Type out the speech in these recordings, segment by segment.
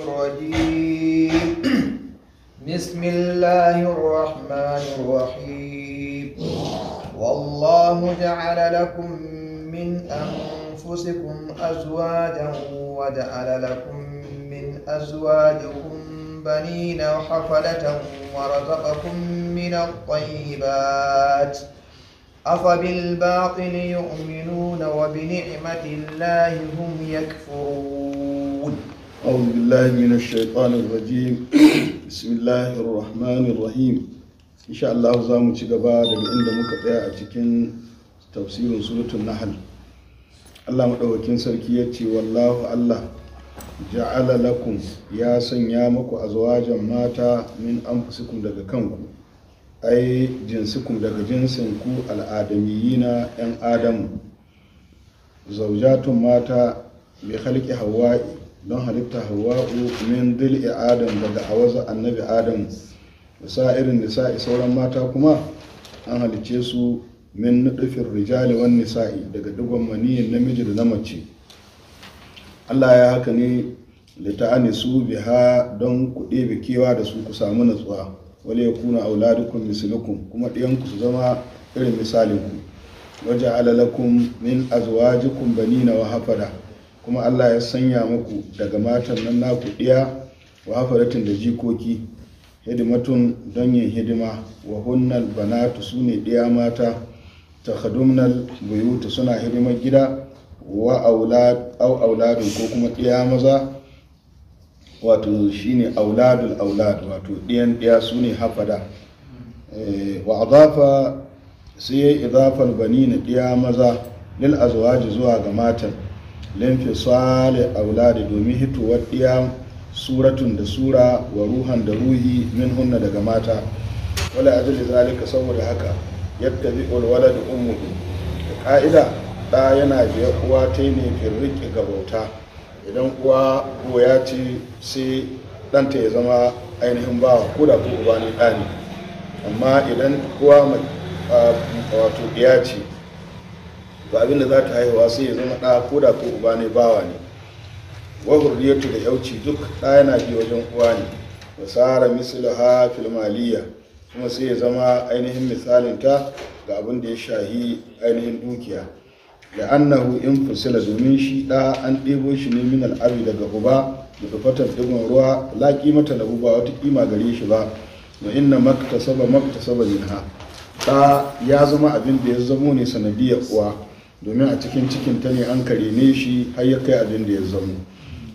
الرجيم بسم الله الرحمن الرحيم والله جعل لكم من أنفسكم أزواجا وجعل لكم من أزواجكم بنين وحفلة ورزقكم من الطيبات أفبالباطل يؤمنون وبنعمة الله هم يكفرون أعوذ بالله من الشيطان الرجيم بسم الله الرحمن الرحيم إن شاء الله muka تجبا a cikin tafsirin أتكن تفسير سورة النحل الله مدوكين سركيتي والله الله ja'ala lakum ya sanya muku azwajan mata min anfusikum daga kanku ai jinsikum daga jinsinku al'adamiyina yan adamu zaujatun mata bi halki hawa'i don halitta hawa'u min dil adam daga awaza annabi adam da irin nisa'i sauran mata kuma an halice su min nudufin rijali wan nisa'i daga dugon maniyin namiji da na mace Allah ya haka ne lita'ani su biha don ku ɗebe kewa da su ku samu natsuwa wale ya kuna auladukun misilukun kuma ɗiyanku su zama irin misalinku waje alalakun min azuwajikun banina wa hafada kuma Allah ya sanya muku daga matan nan naku ɗiya wa hafaratin da jikoki hidimatun don yin hidima wa hunnal banatu su ne ɗiya mata ta hadumnal buyuta suna hidimar gida wa auladun ko kuma ɗiya maza wato shine auladun-auladu wato ɗiyan ɗiya su ne hafada eh, wa adafa sai ya idafar bani na ɗiya maza lil azuwaji zuwa ga matan lamfi sale auladi domin hituwar ɗiya suratun da sura wa ruhan da ruhi min hunna daga mata wala ajali zalika saboda haka yadda bi walwala da umuru da ka'ida ɗa yana biya uwa ta yi ne riƙe ga bauta idan uwa goya ce sai ɗanta ya zama ainihin ba ko da ko uba ne ɗa amma idan uwa wato ɗiya ce to abinda za ta haihuwa sai ya zama ɗa ko da ko uba ne bawa ne wa hurriyatu da yauci duk ɗa yana bi wajen uwa ne wa tsara mislaha fil filmaliya. kuma sai ya zama ainihin misalin ta ga abin da ya shahi ainihin dukiya da annahu in fusila domin shi ɗa an ɗebo shi ne min al'abi daga uba daga fatar ɗigon ruwa la mata na ba wata kima gare shi ba wa inna maktasaba saba minha ɗa ya zama abin da ya zamo ne sanadiyar uwa domin a cikin cikin ta ne an kare ne shi har ya kai abin da ya zamo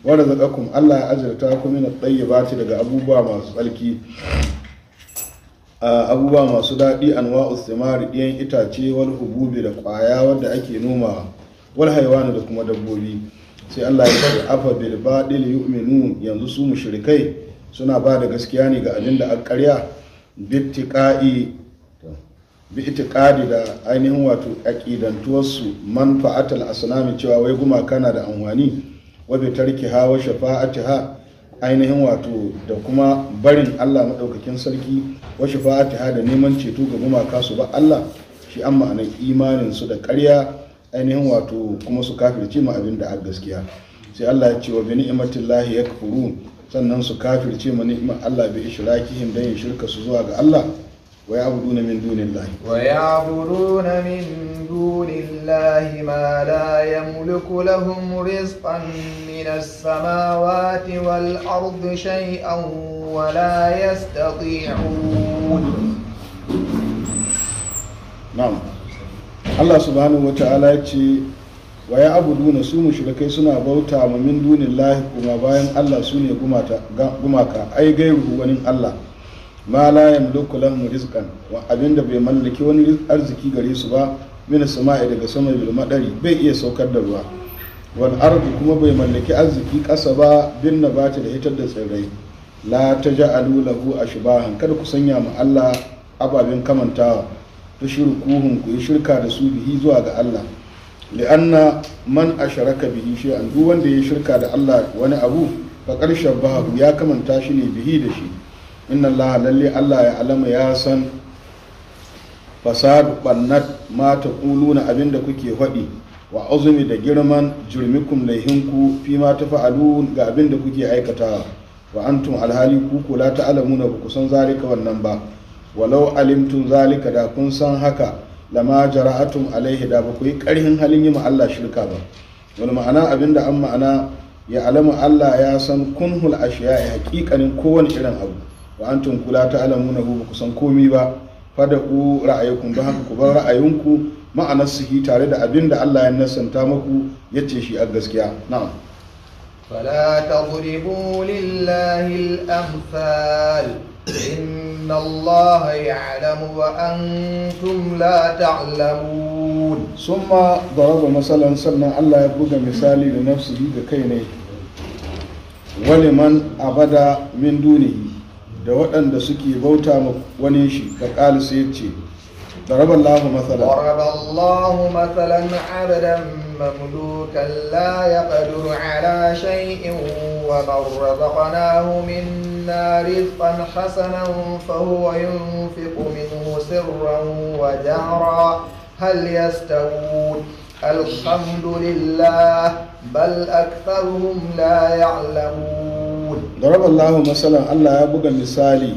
zaka razaqakum Allah ya azurta ku mina at-tayyibati daga abubuwa masu tsarki abubuwa masu daɗi anwa'u thimar ɗiyan itace wal hububi da kwaya wadda ake noma wal haiwana da kuma dabbobi sai Allah ya ce afa bil badil yu'minun yanzu su mushrikai suna ba da gaskiya ne ga abin da a karya. bittiqa'i bi itikadi da ainihin wato aqidantuwarsu manfa'atal asnami cewa wai gumaka na da amfani wa bi ha wa shafa'atiha ainihin wato da kuma barin Allah madaukakin sarki wa shafa'atiha da neman ceto ga gumaka su ba Allah shi an ma'anar imanin su da ƙarya ainihin wato kuma su kafirce ma abin da a gaskiya sai Allah ya ce wa bi ni'matillahi yakfurun sannan su kafirce ma ni’ma Allah bi ishrakihim dan yin shirka su zuwa ga Allah ويعبدون من دون الله ويعبدون من دون الله ما لا يملك لهم رزقا من السماوات والأرض شيئا ولا يستطيعون نعم الله سبحانه وتعالى wa ya abuduna su mushrikai suna bauta ma min dunillahi kuma bayan Allah su ne gumaka ai gairu wani Allah ma la yamliku lahum rizqan wa abinda bai mallaki wani arziki gare su ba min sama'i daga sama bil madari bai iya saukar da ruwa wal ardi kuma bai mallaki arziki kasa ba bin nabati da hitar da tsirrai la taj'alu lahu ashbahan kada ku sanya ma Allah ababen kamantawa ta shirkuhun ku yi shirka da su bihi zuwa ga Allah li'anna man asharaka bihi shay'an duk wanda ya shirka da Allah wani abu fa qarshabahu ya kamanta shi ne bihi da shi inna Allah lalle Allah ya alama ya san fasadu ɓannat mata ta ƙuluna abin da kuke faɗi wa azumi da girman jirmikum laihinku fi ma ta fa'alu ga abin da kuke aikatawa wa antum alhali ku kula ta alamuna ba ku san zalika wannan ba walau alimtum zalika da kun san haka lama jara'atum alaihi da ba ku yi ƙarhin halin yi ma Allah shirka ba wani ma'ana abin da an ma'ana ya alama Allah ya san kunhul ashiya haƙiƙanin kowane irin abu وأنتم كلا تعلمون أبو بكسان كومي با فدقوا رأيكم بهاك كبار رأيكم ما أنسه تاريد أبين دا الله أنس انتامكو يتشي أجزكيا نعم فلا تضربوا لله الأمثال إن الله يعلم وأنتم لا تعلمون ثم ضرب مثلا سنة الله يبقى مثالي لنفسه كيني ولمن أبدا من دونه da waɗanda suke bauta ma wani shi da ƙali sai ce ضرب الله مثلا ضرب الله مثلا عبدا مملوكا لا يقدر على شيء ومن رزقناه منا رزقا حسنا فهو ينفق منه سرا وجهرا هل يستوون الحمد لله بل أكثرهم لا يعلمون daraballahu masalan Allah ya buga misali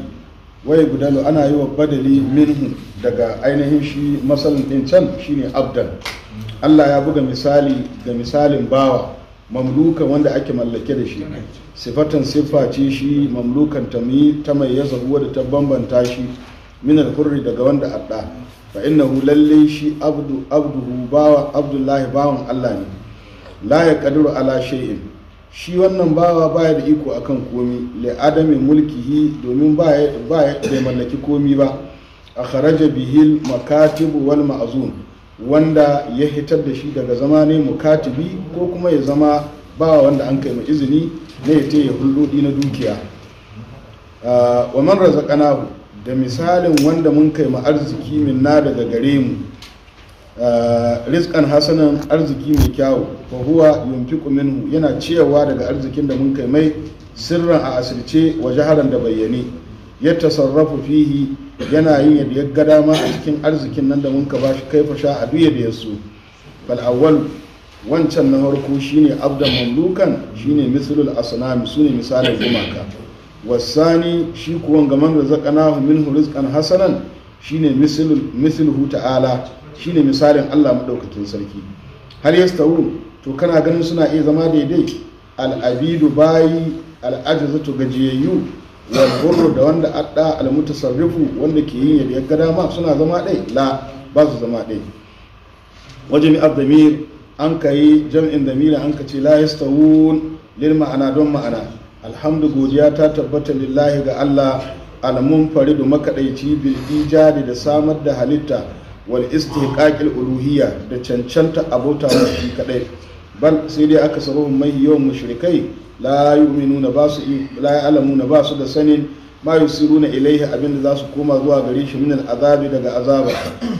wai gudalu ana yi wa badali minhu daga ainihin shi masalan din can shine abdan Allah ya buga misali ga misalin bawa mamluka wanda ake mallake da shi sifatan siffa ce shi mamlukan ta mai ya zahuwa da ta bambanta shi minar furri daga wanda adda fa innahu lalle shi abdu bawa abdullahi bawan Allah ne la ya kadiru ala shay'in shi wannan bawa baya da iko akan komi li adami mulkihi domin baya da mallaki komi ba a kharaja bihil makatibu wal ma'zun wanda ya hitar da shi daga zama ne mukatibi ko kuma ya zama bawa wanda an kai izini na ya ya hulɗoɗi na dukiya ah, wa man razaqnahu da misalin wanda mun kai arziki minna daga gare mu Eh, rizkan hasanan arziki mai kyawu fa huwa yunfiqu minhu yana cewa daga arzikin da mun kai mai sirran a asirce wa jaharan da bayyane ya tasarrafu fihi yana yin yadda ya ga dama a cikin arzikin nan da mun ka bashi kaifa sha a duye da yasu fal awwal wancan na farko shine abdan mamlukan shine mislul asnam sune misalin gumaka wasani shi kuwan gaman razaqnahu minhu rizqan hasanan shine mislul mislu ta'ala shine misalin Allah maɗaukakin sarki Har hal yastawu to kana ganin suna iya zama daidai al'abidu bayi to gajiyayyu wal da wanda adda al mutasarrifu wanda ke yin yadda ga dama suna zama ɗai la ba su zama ɗai wajen abdamir an kai jam'in damira an ka ce la yastawun lil ma'ana don ma'ana alhamdu godiya ta tabbata lillahi ga Allah almun faridu makaɗaici bil ijadi da samar da halitta wal istihqaqil uluhiyya da cancanta abota shi kadai bal sai dai aka saro mai yawan mushrikai la yu'minuna ba su la ya'lamuna ba su da sanin ma yusiruna ilaihi abin da zasu koma zuwa gare shi min azabi daga azaba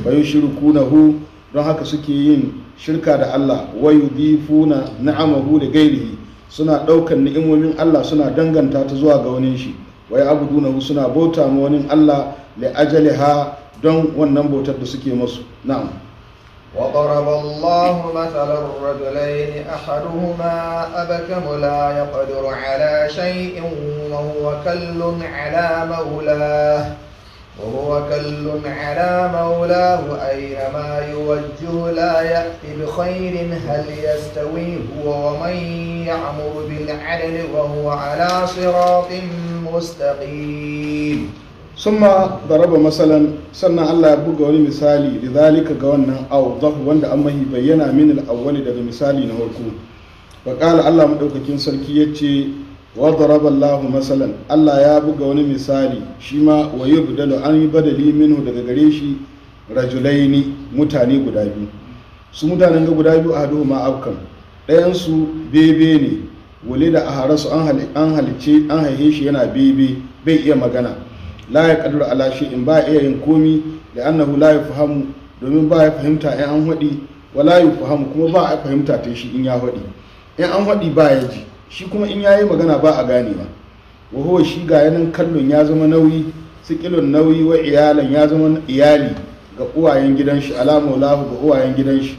wa hu. don haka suke yin shirka da Allah wa yudifuna ni'amahu da gairihi suna daukan ni'imomin Allah suna danganta ta zuwa ga wani shi wa ya'budunahu suna bauta ma wani Allah li ajaliha don wannan bautar da suke masu na'am وضرب الله مثلا الرجلين أحدهما أبكم لا يقدر على شيء وهو كل على مولاه وهو كل على مولاه أينما يوجه لا يأتي بخير هل يستوي هو ومن يعمر بالعدل وهو على صراط مستقيم summa raba matsalan sannan Allah ya buga wani misali da zalika ga wannan awdah wanda an mahi bayyana mini al daga misali na farko ba qala Allah madaukakin sarki yace wa raba Allah masalan Allah ya buga wani misali shi ma wa yubdalu an yi badali minhu daga gare shi rajulaini mutane guda biyu su mutanen ga guda biyu a hadu ma afkan ɗayan bebe ne wale da a harasu an halice an haihe shi yana bebe bai iya magana la ya kadura ala in ba iya yin komi da annahu la ya fahamu domin ba ya fahimta in an haɗi wa la ya fahamu kuma ba a fahimta ta shi in ya haɗi in an haɗi ba ya ji shi kuma in ya yi magana ba a gane ganewa wa huwa shi ga yanan kallon ya zama nauyi sikilon nauyi wa iyalan ya zama iyali ga uwayen gidan shi ala maulahu ga uwayen gidan shi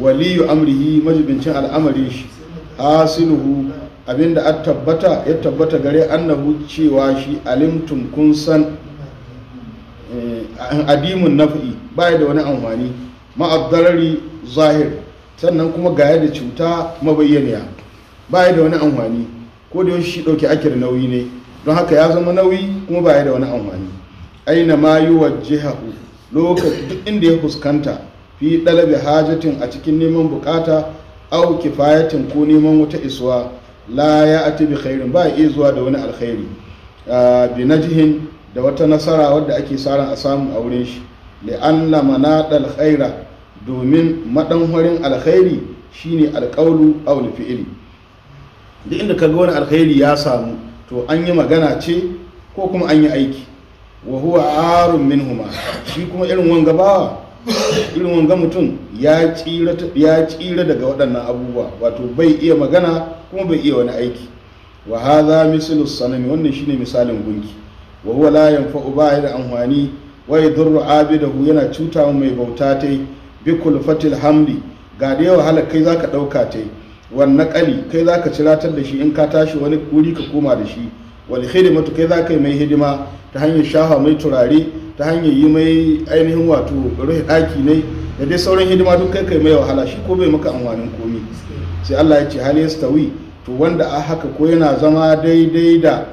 waliyu amrihi majibincin al'amarin shi asiluhu abinda a tabbata ya tabbata gare annabu cewa shi alimtum kun san eh, adimun naf'i baya da wani amfani ma'addarari zahir sannan kuma gaya da cuta mabayyaniya baya da wani amfani ko da yaushe shi dauke da nauyi ne don haka ya zama nauyi kuma baya da wani amfani aina ma yi wajjihahu lokacin duk inda ya fuskanta fi dalabi hajatin a cikin neman bukata au kifayatin ko neman wata isuwa la ya ati bi khairin ba iya zuwa da wani alkhairi ah, bi najihin da wata nasara wadda ake saran a samu a wurin shi li'anna manadal alkhaira domin madanhorin alkhairi shine alqaulu aw da duk inda kaga wani alkhairi ya samu to an yi magana ce ko kuma an yi aiki wa huwa arun minhuma shi kuma irin wanga bawa irin wanga mutum ya tsira daga waɗannan abubuwa wato bai iya magana kuma bai iya wani aiki wa hadha mislu sanami wannan shine misalin gunki wa huwa la yanfa'u ba'i da amfani wa yadurru abidahu yana cuta mai bauta tai bi kulfatil hamdi ga da yawa halak kai zaka dauka tai wannan kali kai zaka ciratar da shi in ka tashi wani wuri ka koma da shi wani hidimatu kai za ka yi mai hidima ta hanyar shafa mai turare ta hanyar yi mai ainihin wato rufe ɗaki ne da dai sauran hidima duk kai kai mai wahala shi ko bai maka amfanin komi sai Allah ya ce hal yastawi to wanda a haka ko yana zama daidai da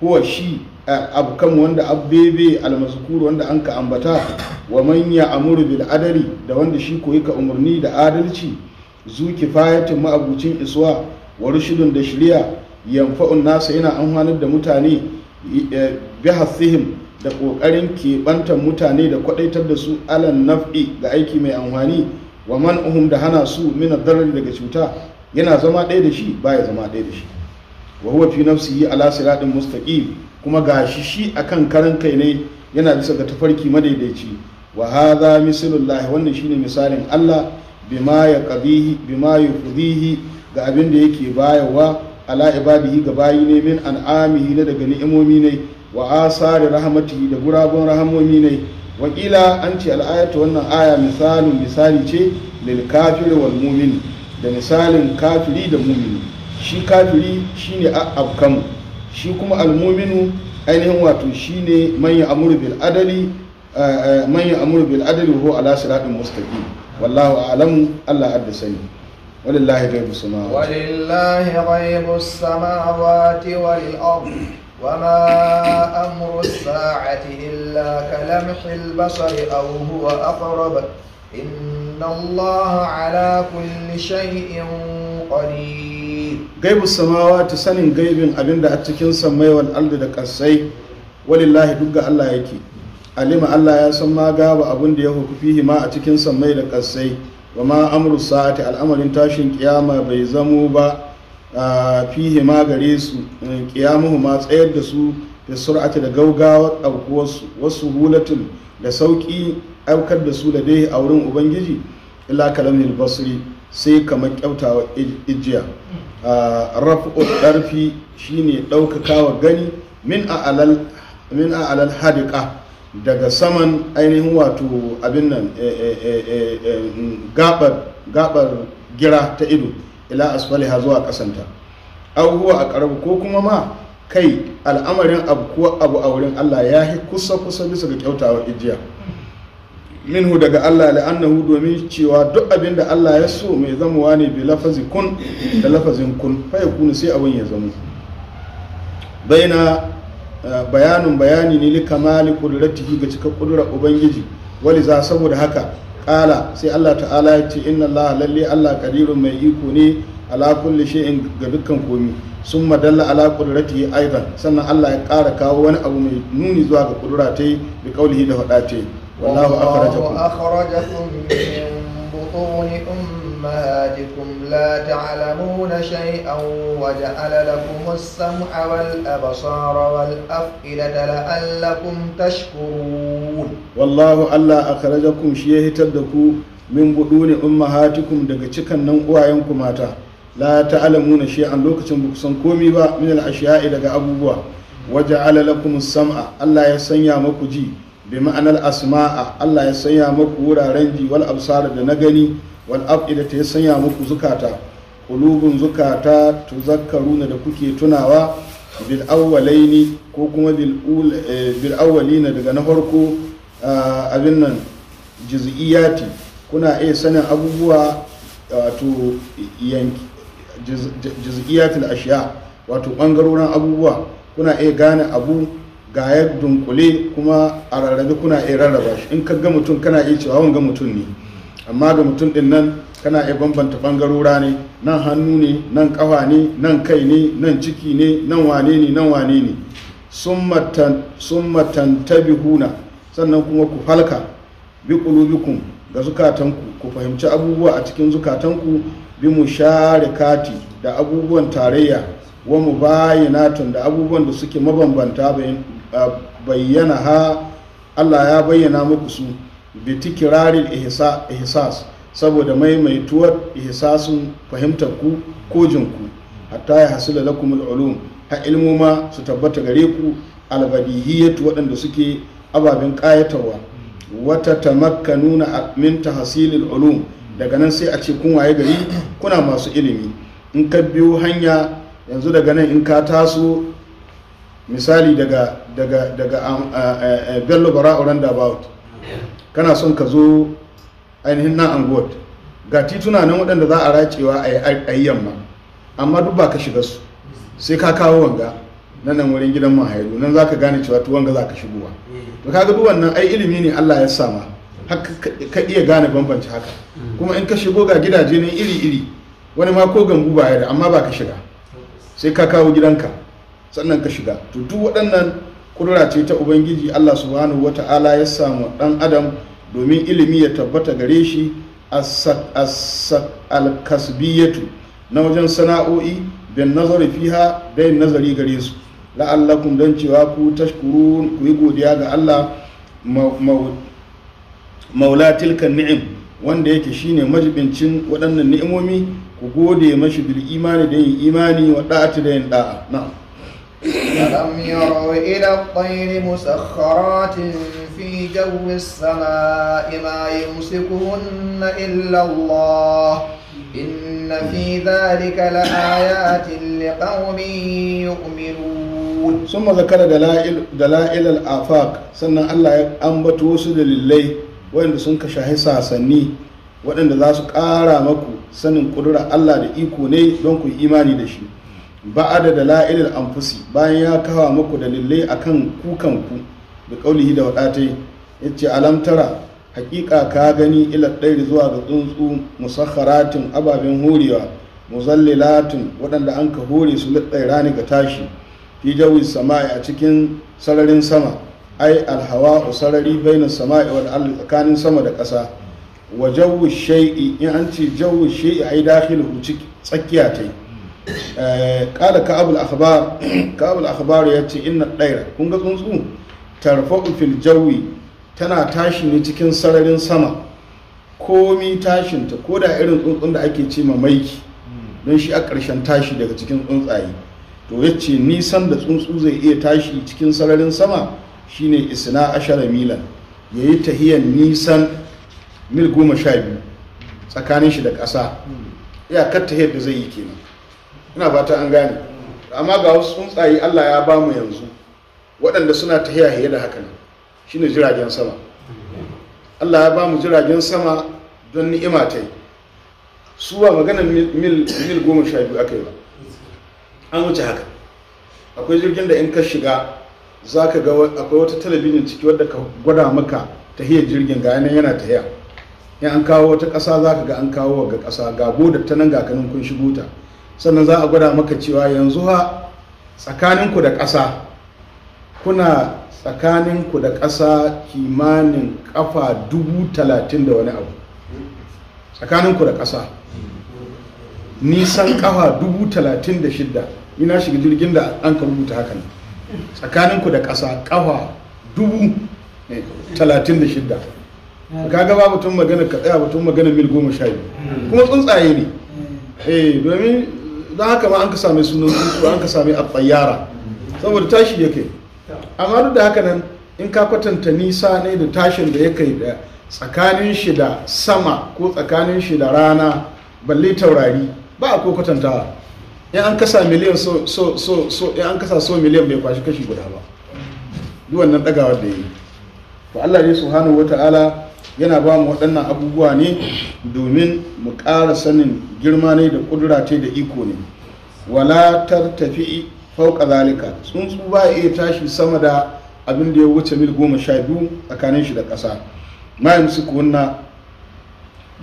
huwa shi abu kan wanda abbebe almazkur wanda an ka ambata wa man ya amuru bil adali da wanda shi koyi ka umarni da adalci zu fayatin ma'abucin iswa wa da shiriya. yanfa'un nasu yana amfanar da mutane e, bi hasihim da ƙoƙarin keɓantar mutane da kwaɗaitar da su alan naf'i ga aiki mai amfani wa man uhum da hana su min darar daga cuta yana zama ɗaya da shi ba ya zama ɗaya da shi wa huwa fi yi ala siratin mustaqim kuma gashi shi akan karan kai ne yana bisa ga tafarki madaidaici wa hadha mislullahi wannan shine misalin Allah bima ya qadihi bima ga abin da yake bayarwa ala ibadihi ga bayi ne min an'amihi na daga ni'imomi ne wa asari rahmatihi da gurabun rahamomi ne wakila an ce al'ayatu wannan aya misalin misali ce lil kafiri wal mumin da misalin kafiri da mumin shi kafiri shine abkamu shi kuma almuminu ainihin wato shine man ya amuru bil adali eh, eh, man ya amuru bil adali ala siratin mustaqim wallahu a'lamu Allah haddasa sani walillahi ghaibu samawati walillahi ghaibu samawati wal ard وما أمر الساعة إلا كلمح البصر أو هو أقرب إن الله على كل شيء قدير غيب السماوات سنين غيب أبين دا أتكين سمي والأرض دا كسي ولله دقا الله يكي ألم الله يسمى غاب أبين دي يهو فيه ما أتكين سمي دا كسي wa ma amru sa'ati al'amarin tashin kiyama bai zamo ba fihe ma gare su e, kiyamuhu ma tsayar da su da sur'ati da gaugawa ɗaukuwarsu wasu hulatin da sauƙi aukar da su da dai a wurin ubangiji ila kalamin basri sai kamar kyautawa ijiya rafu'ul ƙarfi shine ɗaukakawa gani min a alal hadika daga saman ainihin wato abin nan eh, eh, eh, mm, gabar gira ta ido ila asfaliha zuwa kasanta abubuwa a ƙarar ko kuma ma kai al'amarin abu ko abu a wurin allah ya yi kusa kusa bisa ga kyautawar ijiya minhu daga allah la'annahu domin cewa duk abin da allah ya so mai zamuwa ne bi lafazi kun da lafazin kun fa sai abin ya zamu baina Eh, bayanin bayani ne likamali kudratihi ga cika kudurar ubangiji wali za saboda haka kala sai Allah ta'ala ya ce inna Allah lalle Allah kadirun mai iko ne ala kulli shay'in ga dukkan komi sun madalla ala kudratihi aidan sannan Allah ya kara kawo wani abu mai nuni zuwa ga kudura ta yi bi da faɗa ta yi wallahu akhrajakum أمهاتكم لا تعلمون شيئا وجعل لكم السمع والأبصار والأفئدة لعلكم تشكرون والله ألا أخرجكم شيه تدكو من بدون أمهاتكم دقشكا ننقوا ينكم أتا لا تعلمون شيئا لوك تنبك سنكومي با من الأشياء دقا أبوبوا وجعل لكم السمع ألا يسنيا مكجي بمعنى الأسماء ألا يسنيا مكورا رنجي والأبصار دنقني wal afida ta sanya muku zukata kulubun zukata tu na da kuke tunawa bil awwalaini ko kuma eh, bil awwalina daga na farko ah, abin nan juz'iyati kuna iya sanin abubuwa wato yanki al ashiya wato bangarorin abubuwa kuna iya gane abu ga yadda kuma a rarrabe kuna iya rarraba shi in ka ga mutum kana iya cewa wanga mutum ne amma ga mutum din nan kana iya bambanta bangarora ne nan hannu ne nan kafa ne nan kai ne nan ciki ne nan wane ne nan wane ne sun matantabi huna sannan kuma ku halka bi kulubikun ga zukatanku ku fahimci abubuwa a cikin zukatanku bi mu share kati da abubuwan tarayya wa mu tun da abubuwan da suke mabambanta bayyana ha Allah ya bayyana muku su kirarin ihsas saboda maimaituwar ihsasun fahimtar ku ko jinku hatta ya hasila lakumul ulum ha ilmuma su tabbata gare ku albadihiyatu waɗanda suke ababen kayatarwa wata tamakkanuna min tahsilil ulum daga nan sai a ce kun waye gari kuna masu ilimi in ka biyo hanya yanzu daga nan in ka taso misali daga daga daga um, bello bara about kana son ka zo ainihin na anguwar ga tituna nan waɗanda za a racewa a yi yamma amma duk ba ka shiga su sai ka kawo wanga nan nan wurin gidan mahairu nan za ka gane cewa tu wanga za ka shigowa to kaga duk wannan ai ilimi ne Allah ya sama ka iya gane bambanci haka kuma in ka shigo ga gidaje ne iri iri wani ma ko gambu ba ya da amma ba ka shiga sai ka kawo gidanka sannan ka shiga to duk waɗannan kudura ce ta ubangiji allah subhanahu wa ta'ala ya samu dan adam domin ilimi ya tabbata gare shi alkasbiyatu na wajen sana'o'i bin nazari fiha da yin nazari gare su la'allakum don cewa ku tashkuru ku yi godiya ga allah maula tilkan ni'im wanda yake shine majibincin waɗannan ni'imomi ku gode mashi bil imani da yin imani wa da'ati da yin da'a na'am ألم يروا إلى الطير مسخرات في جو السماء ما يمسكهن إلا الله إن في ذلك لآيات لقوم يؤمنون ثم ذكر دلائل دلائل الآفاق سنة الله أنبت وسد لله وإن سنك شاهي سني وإن ذا سكارا مكو سنن قدر الله da iko ne don ku ba'ada da la'ilil anfusi bayan ya kawo muku dalilai akan kukan ku da kaulihi da wadatai yace alam tara hakika ka gani ila dairi zuwa ga tsuntsu musakharatin ababen horewa muzallilatin waɗanda an ka hore su litsaira rani ga tashi fi jawi sama'i a cikin sararin sama ai alhawa sarari baina sama'i wal tsakanin sama da ƙasa wa jawu shay'i in an ce jawu shay'i ai dakhilu ciki tsakiya tai kala ka'abul akhbar ka'abul akhbar ya ce inna daira kun ga tsuntsu tarfa'u fil jawi tana tashi ne cikin sararin sama komi tashinta ko da irin tsuntsun da ake ce ma maiki don shi a ƙarshen tashi daga cikin tsuntsaye to ya ce nisan da tsuntsu zai iya tashi cikin sararin sama shine isna ashara milan ya yi tahiyar nisan mil goma sha biyu tsakanin shi da ƙasa iyakar tahiyar da zai yi kenan ina fata an gane amma ga wasu tsuntsaye Allah ya ba mu yanzu waɗanda suna ta hiyaye da haka nan shine jiragen sama Allah ya ba mu jiragen sama don ni'ima ta yi su ba maganar mil goma sha biyu aka yi ba an wuce haka akwai jirgin da in ka shiga za ka ga akwai wata talabijin ciki wadda ka gwada maka ta hiyar jirgin ga yanayin yana ta tahiya in an kawo wata ƙasa za ka ga an kawo ga ƙasa ga bodar ta nan ga kanin kun shigo ta sannan za a gwada maka cewa yanzu ha tsakaninku da ƙasa kuna tsakaninku da ƙasa kimanin ƙafa dubu talatin da wani abu tsakaninku da ƙasa nisan ƙafa dubu talatin da shidda ina shiga jirgin da an ka rubuta hakan tsakaninku da ƙasa ƙafa dubu eh, talatin da shidda ka gaba mutum magana ka tsaya batun magana mil goma sha biyu kuma tsuntsaye ne eh, eh domin don haka ma an ka same sunan tsuntsu an ka same a tsayyara saboda tashi yake amma duk da haka nan in ka kwatanta nisa ne da tashin da yake da tsakanin shi da sama ko tsakanin shi da rana balle taurari ba a ko kwatantawa in an kasa miliyan so in an kasa so miliyan bai kwashi kashi guda ba duk wannan dagawar da yi ba Allah ne subhanahu wata'ala yana ba mu waɗannan abubuwa ne domin mu ƙara sanin girma ne da ƙudura ce da iko ne wala tafi fauka zalika tsuntsu ba iya tashi sama da abin da ya wuce mil goma sha biyu tsakanin shi da ƙasa mayan su kunna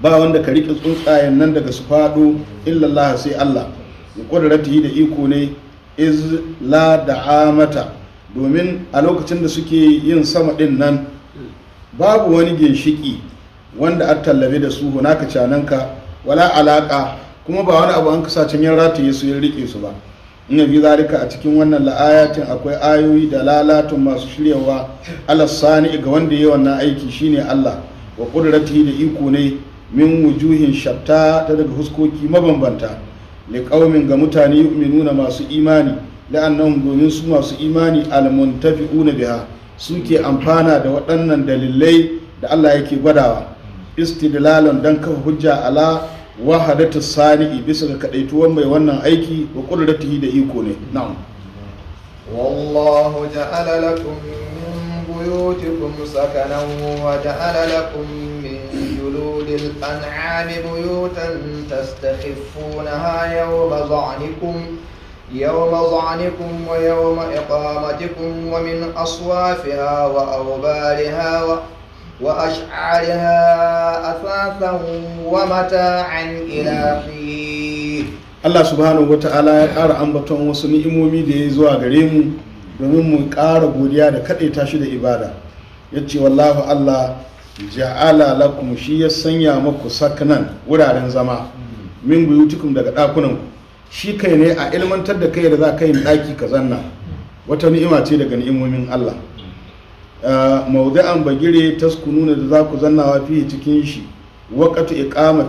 ba wanda ka riƙe tsuntsayen nan daga su faɗo illallah sai Allah ya ta yi da iko ne iz da amata domin a lokacin da suke yin sama ɗin nan babu wani ginshiki wanda an tallabe da su hunaka cananka wala alaka kuma ba wani abu an kasa can yin rataye su ya rike su ba ina bi zalika a cikin wannan la'ayatin akwai ayoyi da lalatun masu shiryawa Sani, ga wanda yi wannan aiki shine Allah wa qudratihi da iko ne min wujuhin shatta ta daga huskoki mabambanta li qaumin ga mutane nuna masu imani la'annahum domin su masu imani al na biha suke amfana da waɗannan dalilai da Allah yake gwadawa istidlalan don kafa hujja ala wahadatu sani'i bisa ga kadaituwan mai wannan aiki wa qudratihi da iko ne na'am wallahu ja'ala lakum min buyutikum sakanan wa ja'ala lakum min juludil an'ami buyutan tastakhifunaha yawma dha'nikum يوم ظعنكم ويوم إقامتكم ومن أصوافها وأوبارها وأشعارها أثاثا ومتاعا إلى حين Allah subhanahu wa ta'ala ya ƙara ambaton wasu ni'imomi da ya zuwa gare mu domin mu ƙara godiya da kaɗaita shi da ibada ya ce wallahu Allah ja'ala lakum shi ya sanya maku saknan wuraren zama min buyutikum daga ɗakunanku shi kai ne a ilmantar da kai da za ka yi ɗaki ka zanna wata ni'ima ce daga ni'imomin Allah mawdu'an bagire taskununa da za ku zannawa fiye cikin shi waqatu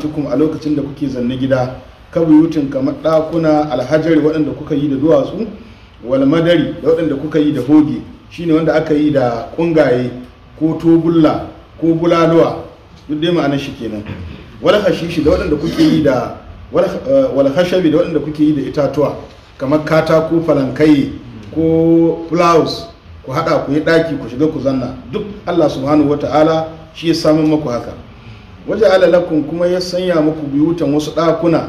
tukum a lokacin da kuke zanne gida kabuyutin kamar ɗakuna alhajari waɗanda kuka yi da duwatsu Walmadari madari da waɗanda kuka yi da hoge shine wanda aka yi da kungaye ko tobulla ko bulaluwa duk dai ma'anar shi kenan wal hashishi da waɗanda kuke yi da wal eh, khashabi da waɗanda kuke yi da itatuwa kamar katako falankai ko plows ku haɗa ku yi daki ku shiga ku zanna duk Allah subhanahu wa Ta'ala shi ya samun maku haka waje alalakun kuma ya sanya muku biyutan wasu ɗakuna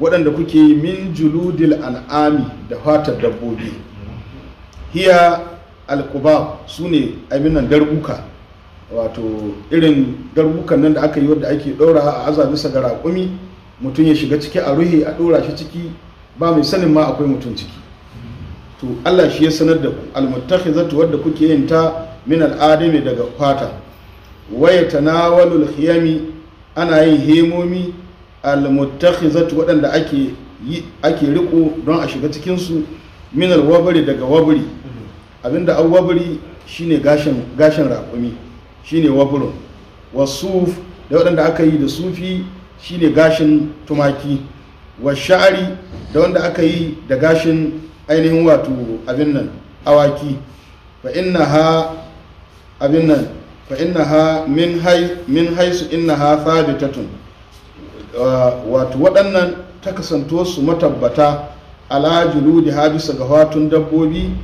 waɗanda kuke yi min juludil an'ami da fatar dabbobi hiya alquba sune abin nan darbuka wato irin darbukan nan da aka yi wadda ake ɗora a aza bisa ga raƙumi mutum ya shiga ciki a ruhi a ɗora shi ciki ba mai sanin ma akwai mutum ciki to Allah shi ya sanar da ku almuttakhizatu wadda kuke yin ta min al'adami daga fata waya tanawalul khiyami ana yin hemomi almuttakhizatu waɗanda ake yi ake riko don a shiga cikin su min alwabri daga wabri abinda an wabri shine gashin gashin raƙumi shine wabrun wasuf da waɗanda aka yi da sufi shine gashin tumaki wa sha'ari da wanda aka yi da gashin ainihin wato abin nan awaki fa inna ha abin nan fa inna ha min hai min haisu inna ha thabitatun wato waɗannan ta kasanto su matabbata ala ha bisa ga hatun dabbobi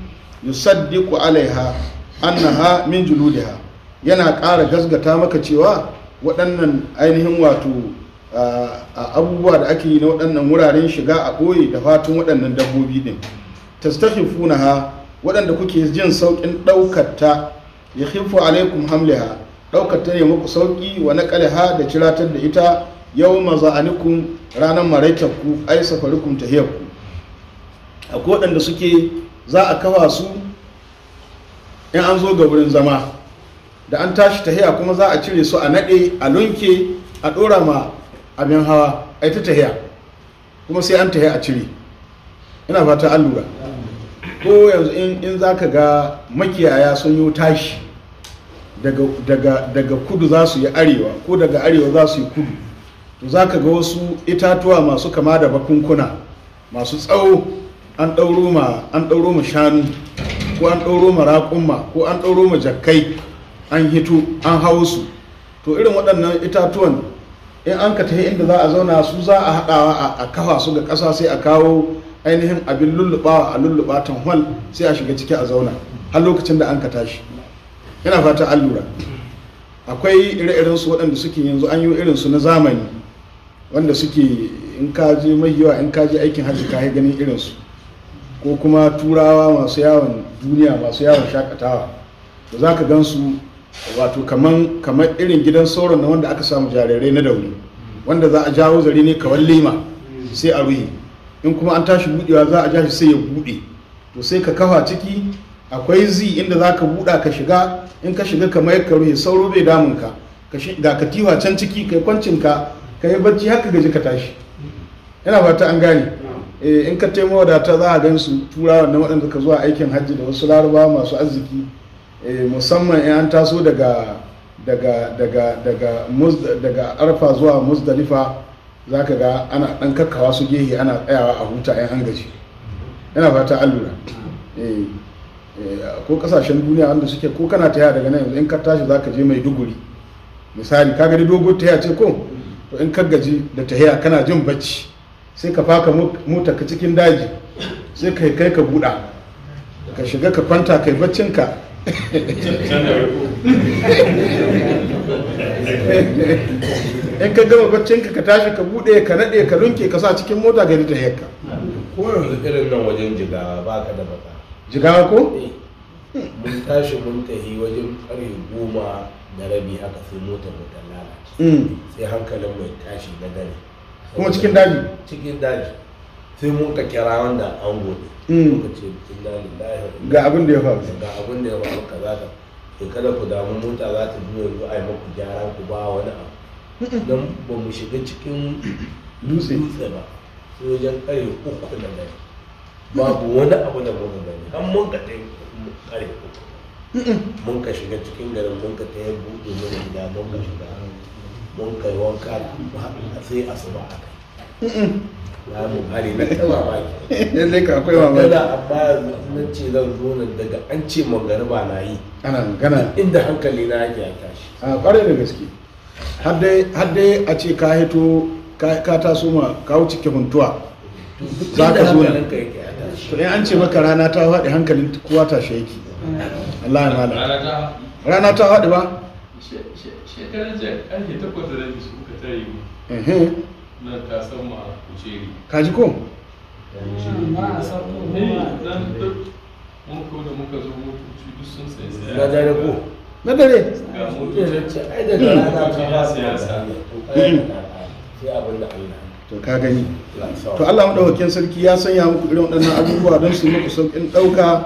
yusaddiqu alaiha annaha min juludiha yana ƙara gasgata maka cewa waɗannan ainihin wato A abubuwa da ake yi na waɗannan wuraren shiga a ɓoye da fatan waɗannan dabbobi ɗin ha waɗanda kuke jin sauƙin ɗaukar ta ya khifu alaikum hamliha ɗaukar ta ne muku sauƙi wa ha da ciratar da ita yau maza'anikum ranar maraitar ku ai safarikun hiyar ku akwai waɗanda suke za a kafa su in an zo ga wurin zama da an tashi hiyar kuma za a cire su a naɗe a lunke a ɗora ma abin hawa ai ta tahiya kuma sai an tahiya a cire ina fata an lura ko yanzu in za ka ga makiyaya sun yi tashi daga kudu za su yi arewa ko daga arewa za su yi kudu to za ka ga wasu itatuwa masu kama da bakunkuna masu tsawo an ɗauro ma shanu ko an ɗauro ma raƙumma ko an ɗauro ma jakkai an hito an hau su to irin waɗannan itatuwan in an ka tafi inda za a zauna su za a haɗawa a kafa su ga ƙasa sai a kawo ainihin abin lullubawa a lulluba hol sai a shiga ciki a zauna har lokacin da an ka tashi yana fata an lura akwai ire-iren su waɗanda suke yanzu an yi irin su na zamani wanda suke in ka je mai yawa in ka je aikin hajji ka yi ganin irin su ko kuma turawa masu yawon duniya masu yawon shakatawa da za ka gan su wato kaman kamar irin gidan sauro na wanda aka samu jarirai na dauri wanda za a jawo zare ne kawai lima sai a ruhi in kuma an tashi budewa za a jashi sai ya bude to sai ka kafa ciki akwai zi inda za ka buɗa ka shiga in ka shiga kamar ka ruhe sauro bai damun ka ga tiwa can ciki kai kwancin ka ka yi bacci haka gaji ka tashi yana fata an gane eh, in ka da wadata za a gan su turawa na waɗanda ka zuwa aikin hajji da wasu larabawa masu arziki Eh, musamman in an taso daga daga daga daga daga arfa zuwa muzdalifa za ka ga ana ɗan kakkawa su gehe ana tsayawa a huta yan an gaji yana fata allura eh, eh, ko kasashen duniya wanda suke ko kana taya daga nan yanzu in ka tashi za ka je mai duguri misali ka gani dogon ta ce ko to in ka gaji da tahiya kana jin bacci sai ka faka mota ka cikin daji sai ka kai ka buɗa ka shiga ka kwanta kai baccinka in ka gama baccinka ka tashi ka bude ka nade ka runke ka sa cikin mota gari ta yanka ko yanzu irin nan wajen jigawa ba ka da baka jigawa ko eh, mun tashi mun tahi wajen karfe goma da rabi haka sai motar mu ta lalace mm. sai hankalin mai tashi na dare kuma cikin daji cikin daji sai mun ka kira wanda ango ne mm. muka ce inna lillahi ga abin da ya faru ga abin da ya faru kaza ka to kada ku damu mota za ta zo yanzu a yi maku gyara ku ba wani abu don ba mu shiga cikin dutse ba sai wajen kare uku na gari babu wani abu da mun gani an mun ka tai kare uku mun ka shiga cikin garin mun ka ta yi buɗe mun gida mun ka shiga mun kai wanka sai asuba a kai ya mu na kai mamaki lallai ka akwai mamaki kana amma nan ce zan zo nan daga an ce mangariba na yi ana magana inda hankali na yake ya tashi a kwarai da gaske har dai a ce ka hito ka taso ma ka wuce kihuntuwa za ka zo nan to in an ce maka rana ta faɗi hankalin kowa ta shi yake Allah ya mala rana ta faɗi ba shekarar jiya ƙarfe takwas da rabi su ka tare mu nan ta san ma kuceri kaji ko na dare ko na dare ga motoci ai da na siyasa sai abin da Allah to ka gani to Allah madaukakin sarki ya sanya muku irin waɗannan abubuwa don su muku saukin ɗauka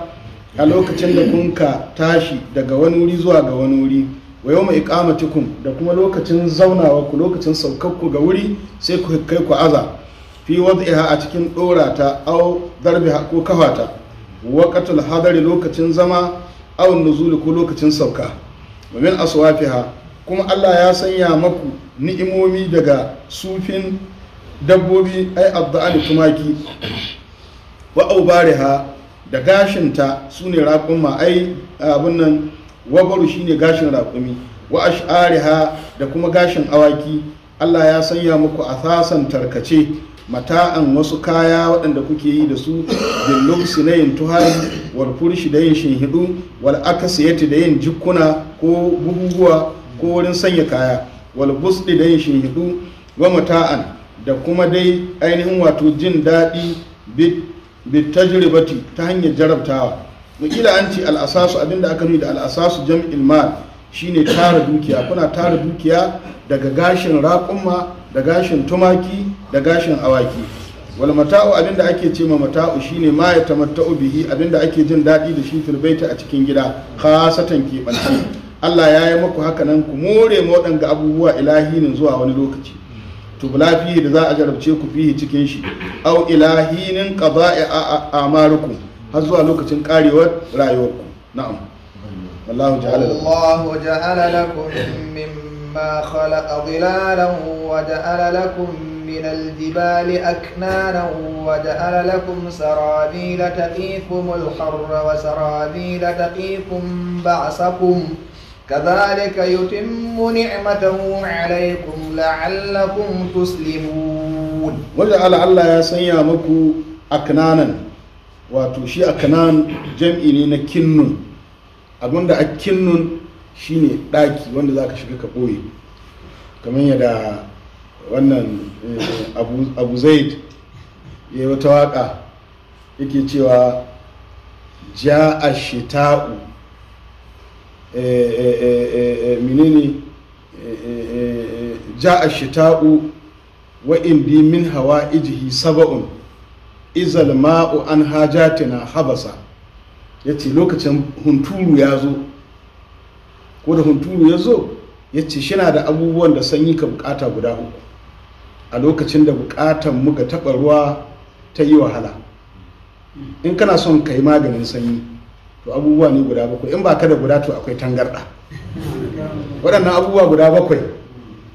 a lokacin da kunka tashi daga wani wuri zuwa ga wani wuri wa yau mai iqamatikum da kuma lokacin zaunawa ku lokacin saukakku ga wuri sai ku kai ku aza fi wad'iha a cikin dora ta aw ko kafata waqatul hadari lokacin zama awon nuzuli ko lokacin sauka wa aswafiha kuma Allah ya sanya maku ni'imomi daga sufin dabbobi ai abda'al tumaki wa bariha da gashinta sune ma ai abun nan wabaru shine gashin raƙumi wa ash'ariha da kuma gashin awaki Allah ya sanya muku a asasan tarkace mata'an wasu kaya waɗanda kuke yi da su billumsi na yin tuhari wal furshi da yin shinhidu wal akasiyati da yin jikuna ko buhuhuwa ko wurin sanya kaya wal busdi da yin hidu wa mata'an da kuma dai ainihin wato jin daɗi bit tajribati ta hanyar jarabtawa wakila an ce al'asasu abinda aka nuni da al'asasu jam'il mal shine tara dukiya kuna tara dukiya daga gashin raƙumma da gashin tumaki da gashin awaki wal mata'u abinda ake ce ma mata'u shine ma ya tamatta'u bihi abinda ake jin daɗi da shi firbaita a cikin gida khasatan keɓance Allah ya yi maku haka nan ku more ma waɗanga abubuwa ilahinin zuwa wani lokaci tubla fiye da za a jarabce ku fiye cikin shi au ilahinin qada'i a amarukum har zuwa lokacin karewar rayuwarku na'am wallahu ja'ala Allahu ja'ala lakum mimma khalaqa dhilalan wa ja'ala lakum من الجبال أكنانا وجعل لكم سرابيل تقيكم الحر وسرابيل تقيكم بعثكم كذلك يتم نعمته عليكم لعلكم تسلمون وجعل الله يسيا مكو أكنانا wato shi a kanan jam'i ne na kinnun abinda a kinnun shine daki wanda za ka shiga ka ɓoye kamar yadda wannan eh, abu zaid ya yi wata waka yake cewa ja a shita'u eh, eh, menene ja a shita'u wa'in min hawa ijihi saba'un izal ma'u an hajatina habasa ya ce lokacin hunturu ya zo ko da hunturu ya zo ya ce shi da abubuwan da sanyi ka bukata guda uku a lokacin da bukatan muka taɓa ruwa ta yi wahala in kana son ka yi maganin sanyi to abubuwa ne guda bakwai in ba ka da guda to akwai tangarɗa waɗannan abubuwa guda bakwai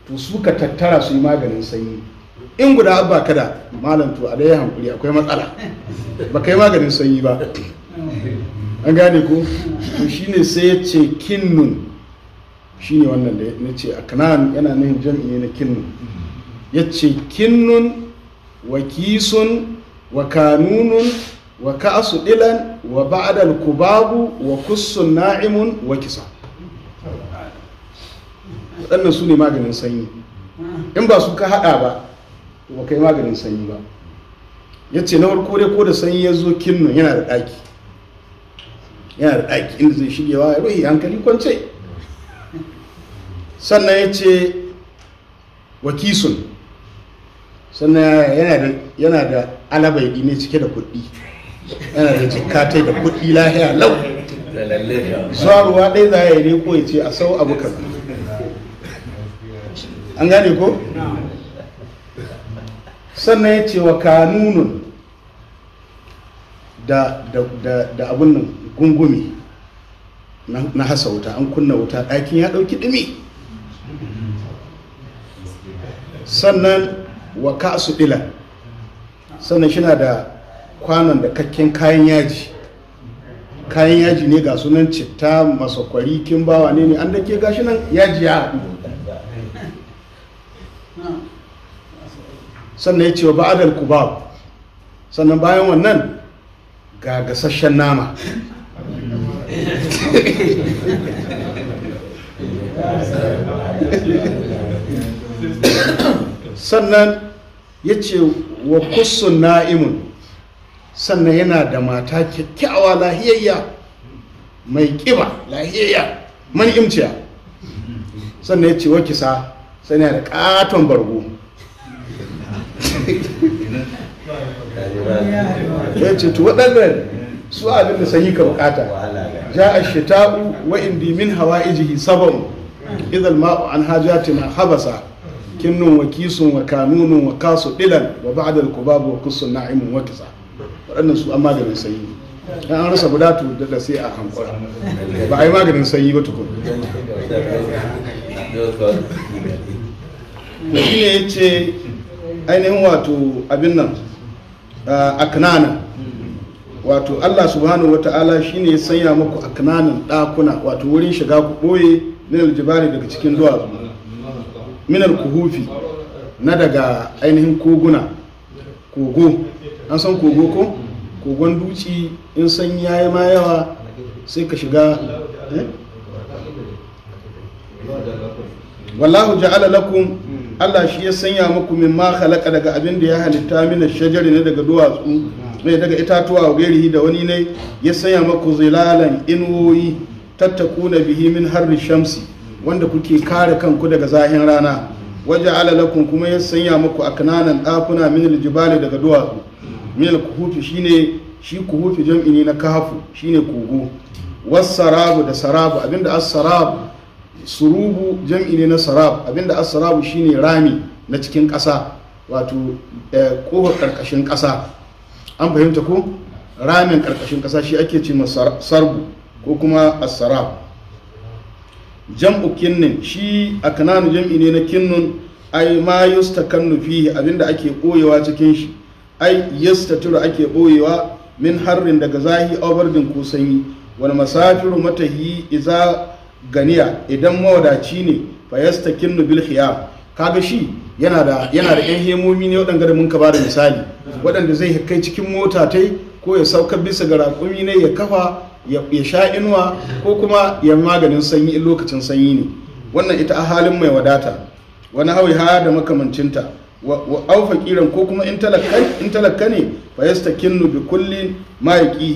to su ka tattara su yi maganin sanyi in guda abba kada malam to a dai hankuri akwai matsala ba kai maganin sanyi ba an gane ko to shine sai ya ce kinnun shine wannan da na ce a kanan yana nan jam'i na kinnun ya ce kinnun wa kisun wa kanunun wa ka'asu dilan wa ba'dal kubabu wa kussun na'imun wa kisa waɗannan su ne maganin sanyi in ba su ka haɗa ba to ba kai maganin sanyi ba ya ce na farko dai ko da sanyi ya zo kinnu yana da ɗaki yana da ɗaki inda zai shigewa ya ruhi hankali kwance sannan ya ce wakisun sannan yana da alabai ne cike da kuɗi yana da jikatai da kuɗi lahiya lau zuwa ruwa ɗai za a yi ne ko ya ce a sau abu an gane ko? sannan ya ce wa kanunun da, da, abin nan gungumi na, hasa wuta an kunna wuta ɗakin ya ɗauki ɗumi sannan wa su ɗila sannan shi da kwanon da kakken kayan yaji kayan yaji ne ga sunan citta masakwari kin bawa ne ne an da ke gashi nan yaji ya haɗu sannan ya ce wa ku kubab sannan bayan wannan ga gasasshen nama sannan ya ce wa kusur na'imun sannan yana da mata kyakkyawa lahiyayya mai ƙiba lahiyayya man imciya sannan ya ce wa kisa sannan da ƙaton bargo ya ce to waɗannan su abin da sahi ka bukata ja a shita'u wa indi min hawa ijihi sabon idan ma'u an haja hajatina habasa kinnun wa kisun wa kanunun wa kasu ɗilan, wa ku babu wa kusun na'imun wa kisa waɗannan su an maganin sanyi dan an rasa guda da da sai a hankula ba a yi maganin sanyi ba tukun to ya yace ainihin wato abin nan a kananan wato allah subhanahu wa ta'ala shine ya sanya muku kananan ɗakuna wato wurin shiga ku ɓoye minal jibari daga cikin duwatsu minal kuhufi na daga ainihin koguna kogo an san kogo ko kogon duci in san yayi ma yawa sai ka shiga eh? wallahu ja'ala lakum Allah shi ya sanya muku min ma khalaqa daga abin da ya halitta min shajari ne daga duwatsu ne daga itatuwa gairihi da wani ne ya sanya muku zilalan inuwoyi tattakuna bihi min harri shamsi wanda kuke kare kanku daga zahin rana waje alalakun kuma ya sanya muku aknanan ɗakuna min aljibali daga duwatsu min alkuhufi shine shi kuhufi jam'i ne na kahafu shine kogo was da sarabu abinda as sarabu surubu jam'i ne na sarab abinda as-sarabu shine rami na cikin ƙasa wato eh, ƙofar ƙarƙashin ƙasa an fahimta ko ramin ƙarƙashin ƙasa shi ake ce sarbu ko kuma as-sarab jam'u kinnin shi a kananu jam'i ne na kinnun ai ma yustakannu fihi abinda ake koyewa cikin shi ai yastaturu ake koyewa min harrin daga zahi obardin ko sanyi wal masafiru matahi iza ganiya idan mawadaci ne fa kinnu bil khiyar kaga shi yana da yan hemomi ne waɗanda da mun ka bada misali waɗanda zai kai cikin mota tai ko ya sauka bisa ga raƙumi ne ya kafa ya sha inuwa ko kuma ya maganin sanyi in lokacin sanyi ne wannan ita a halin mai wadata wani hawi ha da makamancinta wa au fakiran ko kuma in talaka ne fa kinnu bi kulli ma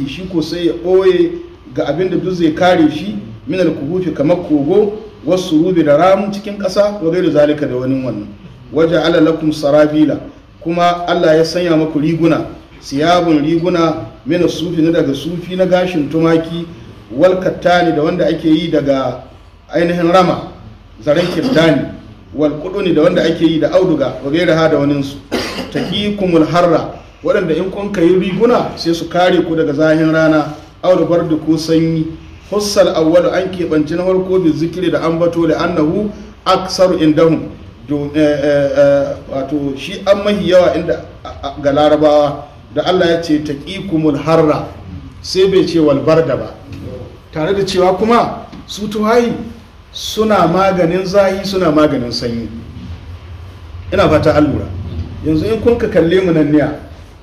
shi ko sai ya ɓoye ga abin da duk zai kare shi min al-kuhufi kamar kogo wasu rubi da ramu cikin ƙasa wa gairu zalika da wani wannan waje lakum sarabila kuma Allah ya sanya maku riguna siyabun riguna mina sufi na daga sufi na gashin tumaki wal kattani da wanda ake yi daga ainihin rama zaren kirtani wal kuduni da wanda ake yi da auduga wa gaira ha da su takikumul harra waɗanda in kun kayi riguna sai su kare ku daga zahin rana auduga da ko sanyi Hussar awwalu an keɓanci na farko bi zikiri da ambato da annahu aksaru indahum eh, eh, eh, wato shi an mahi yawa inda ga larabawa da Allah ya ce taqikumul harra sai bai ce barda ba tare da cewa kuma su tuhayi suna maganin zahi suna maganin sanyi ina fata allura yanzu in kun ka kalle mu nan niya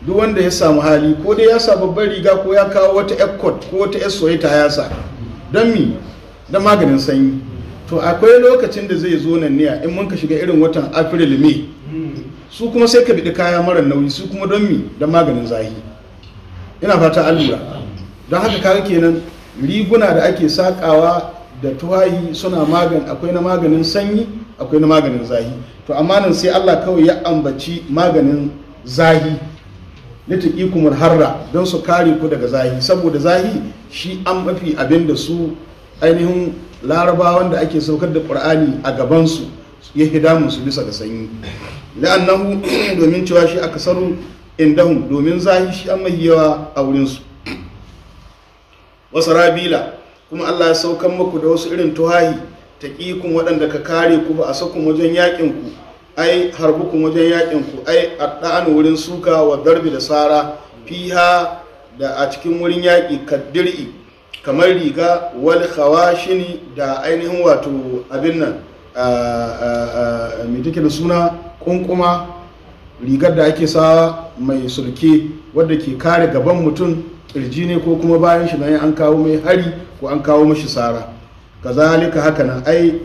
duk wanda ya samu hali ko dai ya sa babbar riga ko ya kawo wata ekot ko wata yar soyayya ya sa don mi don maganin sanyi to akwai lokacin da zai zo nan niya in mun ka shiga irin watan april Mai su kuma sai ka biɗi kaya mara nauyi su kuma don mi don maganin zahi ina fata allura don haka kaga kenan riguna da ake sakawa da tuwayi suna magan akwai na maganin sanyi akwai na maganin zahi to amma nan sai allah kawai ya ambaci maganin zahi litaqikumul harra don su kare ku daga zahi saboda zahi shi an mafi abin da su ainihin larabawan da ake saukar da qur'ani a gabansu su ya musu bisa ga sanyi la'annahu domin cewa shi akasaru indahum domin zahi shi an yawa a wurin su wasu rabila kuma Allah ya saukan maku da wasu irin tuhahi ta kun waɗanda ka kare ku ba a sakun wajen yaƙin ku ai harbukun wajen yakin ku ai adda'anu wurin suka wa darbi da sara fiha da a cikin wurin yaƙi kaddir'i kamar riga wal khawashini da ainihin wato abin nan mai take da suna kunkuma rigar da ake sa mai sulke wadda ke kare gaban mutum kirji ne ko kuma bayan shi bayan an kawo mai hari ko an kawo mashi sara kazalika haka nan ai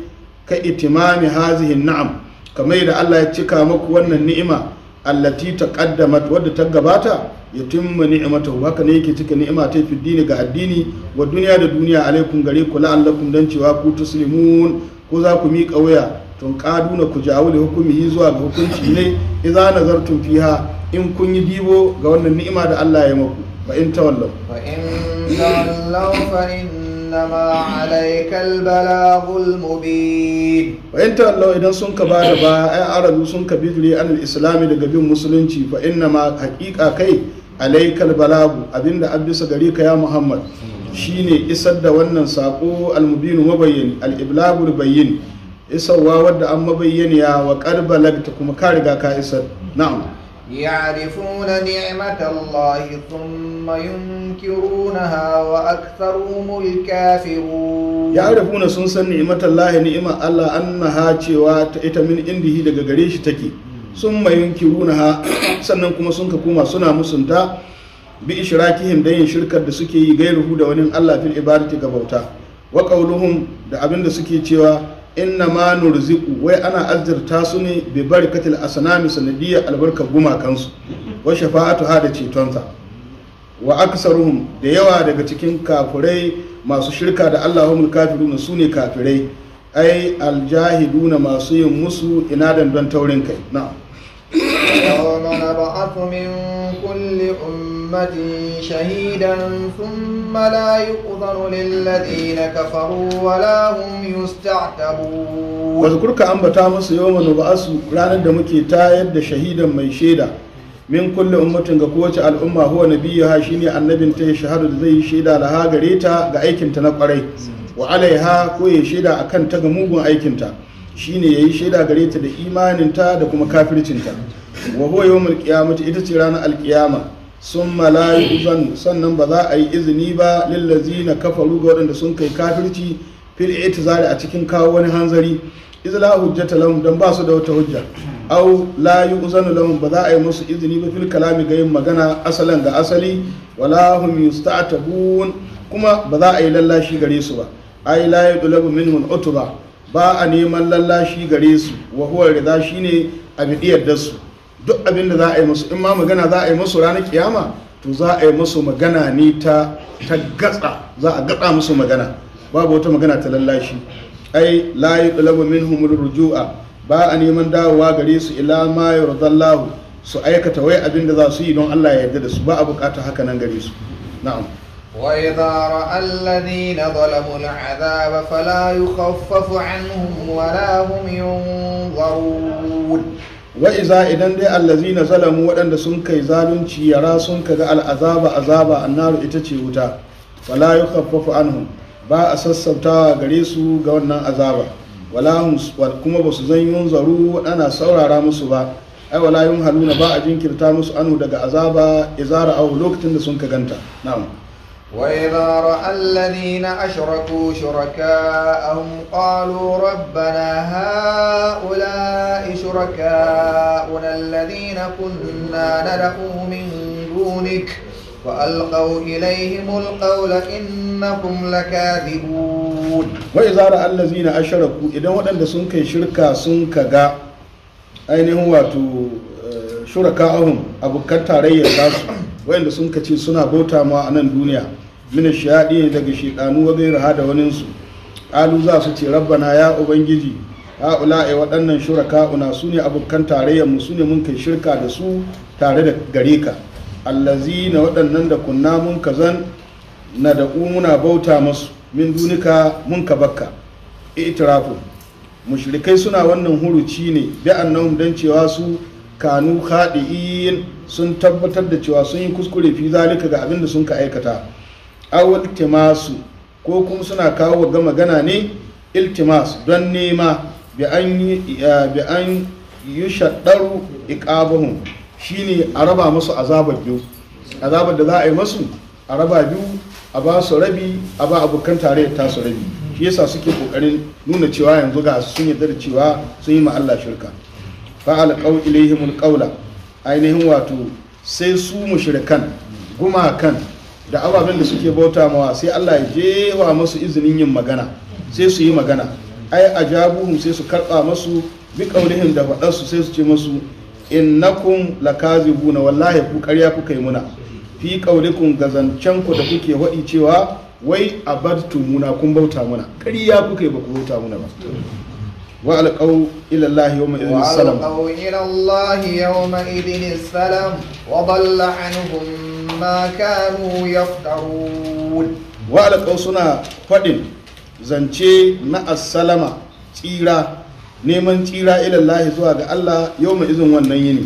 ka itimami hazihin na'am kamar da Allah ya cika maku wannan ni'ima allati kaddama wadda ta gabata ya timma ni'imata haka ne yake cika ni'ima ta fi dini ga addini wa duniya da duniya alaikum gare ku la'allakum dan cewa ku tuslimun ko za ku miƙa waya tun kaduna ku jawo da hukumi zuwa ga hukunci ne idza nazartum fiha in kun yi dibo ga wannan ni'ima da Allah ya maku fa in tawallaw fa in tawallaw fa in إنما عليك البلاغ المبين وإن الله إذا سنك بعد با أي عرب سنك بيجري عن الإسلام لقبي مسلمتي فإنما حقيقة كي عليك البلاغ أبين أبس غريك يا محمد shine isar da wannan saƙo almubin mabayyin al'iblagul bayyin isarwa wadda an mabayyaniya wa ta kuma ka riga ka isar na'am يعرفون نعمة الله ثم ينكرونها وأكثرهم الكافرون يعرفون سنسن نعمة الله نعمة الله daga gare shi إنده لغريش تكي ثم ينكرونها sannan kuma sun ka koma suna musunta bi ishrakihim da yin shirkar da suke yi gairuhu da wani Allah fil ibadati ga bauta wa qauluhum da abin da suke cewa inna ma nurziku wai ana azirta su ne bi barkatil asnami sanadiyya albarkar gumakansu wa shafa'atu ha da cetonsa wa aksaruhum da yawa daga cikin kafirai masu shirka da allahumul kafiruna su ne kafirai ai aljahiduna masu yin musu inadan don taurin kai na'am min أمة شهيدا ثم لا يؤذن للذين كفروا ولا هم يستعتبون واذكرك أنبتا مصر يوم نبعث رانا دمكي تايد شهيدا من شيدا min kulle ummatin ga kowace al'umma huwa nabiyuha shine annabin ta ya shahadu da zai shaida da gare ta ga aikinta na kwarai wa alaiha ko ya shaida akan ta ga mugun aikinta shine yayi shaida gare ta da imaninta da kuma kafircinta wa huwa yawmul qiyamati ita ce ranar alqiyama sun malayi uzan sannan ba za a yi izini ba lillazi na kafa ga waɗanda sun kai kafirci fil itizari a cikin kawo wani hanzari izla hujjata lamun don ba su da wata hujja au la uzan lamun ba za a yi musu izini ba fil kalami ga yin magana asalin ga asali wala hum yusta'tabun kuma ba za a yi lallashi gare su ba ai la dulabu minhum utuba ba a neman lallashi gare su wa huwa ridha shine a da su duk abin da za a yi musu in ma magana za a yi musu ranar kiyama to za a yi musu magana ni ta ta gatsa za a gatsa musu magana babu wata magana ta lallashi ai la yutlabu minhum rujua ba a neman dawowa gare su ila ma yurdallahu su aikata wai abin da za su yi don Allah ya yarda da su ba a bukata haka nan gare su na'am وإذا رأى الذين ظلموا العذاب فلا يخفف عنهم ولا هم ينظرون wa iza idan dai allazina zalamu waɗanda sun kai zalunci yara sun ga al'azaba azaba annaru ita ce wuta wala yukhaffafu anhum ba a sassautawa gare su ga wannan azaba wala kuma ba su zan yun zaru ana saurara musu ba ai wala yun haluna ba a jinkirta musu anu daga azaba izara au lokacin da sun ganta na'am وإذا رأى الذين أشركوا شركاءهم قالوا ربنا هؤلاء شركاؤنا الذين كنا ندعو من دونك وألقوا إليهم القول إنكم لكاذبون وإذا رأى الذين أشركوا إذا ودن سنك شركا سنك غا أين هو shuraka'ahum abokan tarayyar tasu wayanda sun ka ce suna bauta ma a nan duniya min ne daga shiɗanu wa gairaha da waninsu alu za su ce rabbana ya ubangiji ha'ula'i waɗannan shuraka'una su ne abokan tarayyar mu su ne mun kai shirka da su tare da gare ka allazi na waɗannan da kunna mun ka zan na da muna bauta masu min dunika mun ka bakka itirafu mushrikai suna wannan huruci ne bi annahum dan cewa su kanu khadi'in sun tabbatar da cewa sun yi kuskure fi zalika ga abin da sun ka aikata awul ko kuma suna kawo ga magana ne iltimas don nema bi an yi eh, shaɗaru iqabahum shine a raba musu azabar biyu azabar da za a yi masu a raba biyu a ba su rabi a ba abokan tare ta su rabi shi yasa suke kokarin nuna cewa yanzu ga sun yi da cewa sun yi ma Allah shirka fa alqaw ilaihimul qawla ainihin wato sai su mushrikan gumakan da ababen da suke bauta mawa sai Allah ya jewa masu izinin yin magana sai su yi magana ai a ajabuhum sai su karba masu bi kaulihim da faɗar su sai su ce masu innakum lakazibuna wallahi ku ƙarya kuka yi muna fi kaulikum gazancen ku da kuke waɗi cewa wai bar muna kun bauta muna ƙarya kuka yi ba ku bauta muna ba wa alqaw ila allahi yawma salam wa alqaw ila allahi yawma salam wa dalla anhum ma kanu yaftarun wa alqaw suna faɗin zance na assalama tsira neman tsira ilallahi zuwa ga Allah yau mai izin wannan yini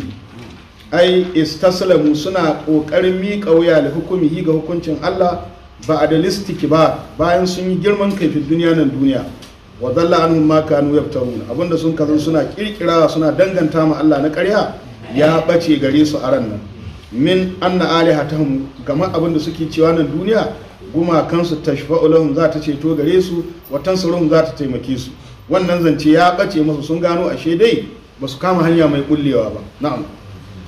ai istaslamu suna ƙoƙarin miƙa wuya da hukumi ga hukuncin Allah ba a da listiki ba bayan sun yi girman kaifin duniya nan duniya wa dalla anhum ma kanu yaftarun abinda sun kazo suna kirkira suna danganta ma Allah na ƙarya ya bace gare su a ran nan min anna alihatahum gama abinda suke cewa nan duniya gumakansu ta shafa ulahun za ta ceto gare su watansa ruhun za ta taimake su wannan zance ya ɓace masu sun gano ashe dai ba su kama hanya mai ƙullewa ba na'am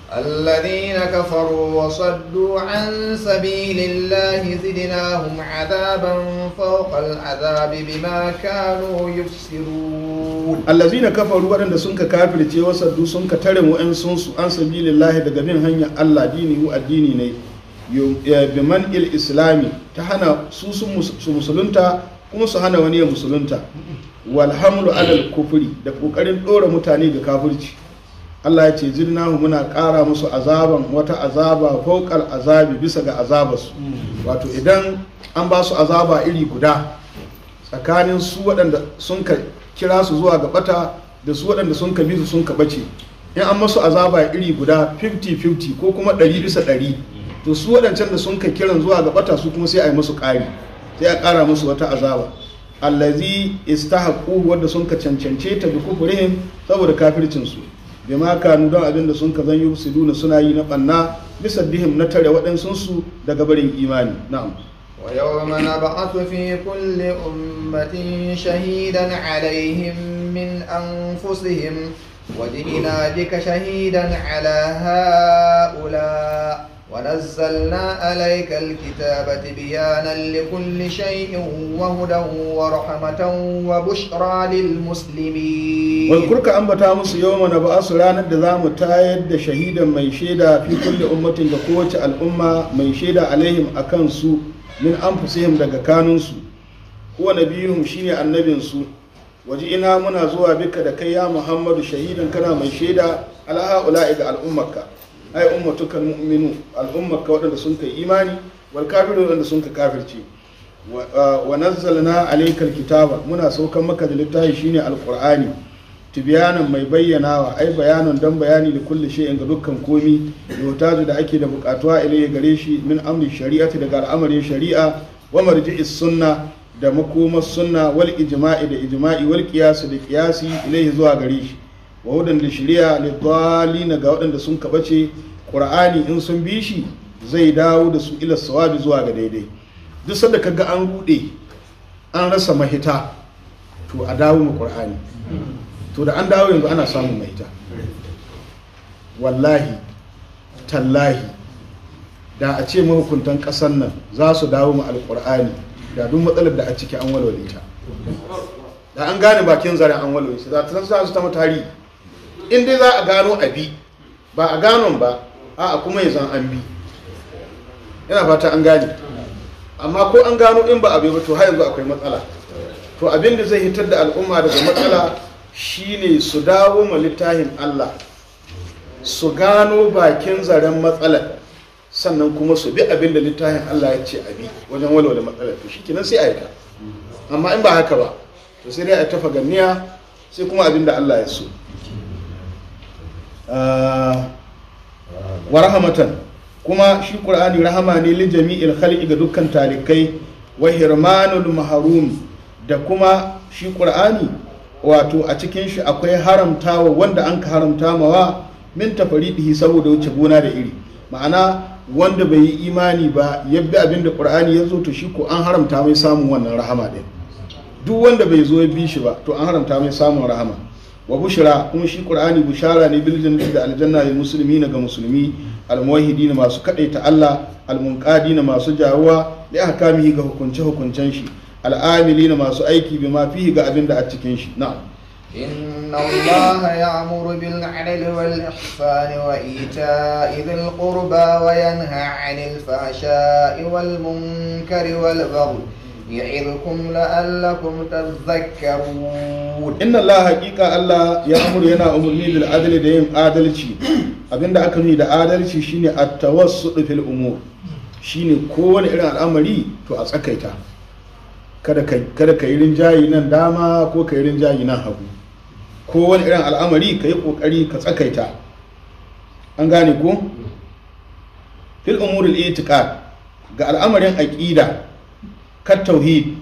alladhi na kafaru wa saddu an sabilin lahi zidina hun azaban fokal azabi bi ma kano yi siru alladhi kafaru waɗanda sun ka kafirce wa saddu sun ka tare mu’ansu an sabilin lahi daga bin hanyar alladini wa addini ne man il islami ta hana su su musulunta kuma su hana wani ya musulunta walhamlu alal kufuri da kokarin dora mutane ga kafirci Allah ya ce mu muna ƙara musu azaban wata azaba fokal azabi bisa ga azabarsu wato idan an ba su azaba iri guda tsakanin su waɗanda sun ka kira su zuwa ga bata da su waɗanda sun ka bi su sun ka bace in an masu azaba iri guda 50-50 ko kuma 100 bisa 100 to su waɗancan da sun kai kiran zuwa ga bata su kuma sai a yi musu ƙari sai a ƙara musu wata azaba allazi istahaqu wanda sun ka cancance ta bi kufurihim saboda kafircin su ma kanu don abin da sun ka zan yufsiduna suna yi na banna bisa dihim na tare waɗansun su daga barin imani na'am wa yawma nab'athu fi kulli ummatin shahidan alaihim min anfusihim وجئنا بك شهيدا على هؤلاء ونزلنا عليك الكتاب بيانا لكل شيء وهدى ورحمة وبشرى للمسلمين واذكرك أنبتا مس يوم نبأس رانا دزام تايد شهيدا من شيدا في كل أمة دقوة الأمة من شيدا عليهم أكنسو من أنفسهم دقا كانونسو هو نبيهم شيني النبينسو وجئنا منا زوا بك دكيا محمد شهيدا كنا من شيدا على هؤلاء الأمة ai kan mu'minu al'ummar ka wadanda sun kai imani wal kafiru wadanda sun ka kafirce wa nazzalna alaykal kitaba muna saukan maka da littafi shine alqur'ani tibyanan mai bayyanawa ai bayanan dan bayani da kulli shay'in ga dukkan komi yotaju da ake da bukatuwa ilayya gare shi min amri shari'ati daga al'amarin shari'a wa marji'is sunna da makomar sunna wal ijma'i da ijma'i wal qiyas da qiyasi ilayhi zuwa gare shi wa waɗanda shirya na ga waɗanda sun kabace ƙur'ani in sun bi shi zai dawo da su ila sawabi zuwa ga daidai duk sanda kaga an rude an rasa mahita to a dawo mu ƙur'ani to da an dawo yanzu ana samun mahita wallahi tallahi da a ce mahukuntan ƙasar nan za su dawo mu alƙur'ani da duk matsalar da a ciki an walwale ta da an gane bakin zare an walwale ta za su ta mutari tarihi in dai za a gano a bi ba a ganon ba a kuma yanzu an bi yana fata an gane amma ko an gano in ba a bi ba to har yanzu akwai matsala to abin da zai hitar da al'umma daga matsala shine su dawo ma littafin Allah su gano bakin zaren matsalar sannan kuma su bi abin da littafin Allah ya ce a bi wajen walwala matsalar to shi kenan sai a yi ta amma in ba haka ba to sai dai a tafa ganiya sai kuma abin da Allah ya so Uh, wa rahamatan kuma shi ƙur'ani rahama ne li jami'il khalqi ga dukkan talikai wa hirmanul mahrum da kuma shi ƙur'ani wato a cikin shi akwai haramtawa wanda an ka haramta mawa min tafaridihi saboda wuce gona da iri ma'ana wanda bai yi imani ba ya bi abin da qur'ani ya zo to shi ko an haramta mai samun wannan rahama din duk wanda bai zo ya bi shi ba to an haramta mai samun rahama وبشرى كما شي قران بشاره ني بالجنه ده الجنه للمسلمين غ مسلمي الموحدين ما سو كدايت الله المنقادين ما سو جاوا لاحكامه غ حكمه حكمه شي العاملين ما سو ايكي بما فيه غ ابين ده ا cikin شي نعم إن الله يأمر بالعدل والإحسان وإيتاء ذي القربى وينهى عن الفحشاء والمنكر والبغي يعظكم لعلكم تذكرون ان الله حقيقه الله امر ينا امرني بالعدل دين عدلتي abin da aka nuni da adalci shine at-tawassul fil umur shine kowane irin al'amari to a tsakaita kada ka kada ka yi rinjayi nan dama ko ka yi rinjayi nan hagu wani irin al'amari ka yi kokari ka tsakaita an gane ko fil umuril itiqad ga al'amarin aqida kan tauhid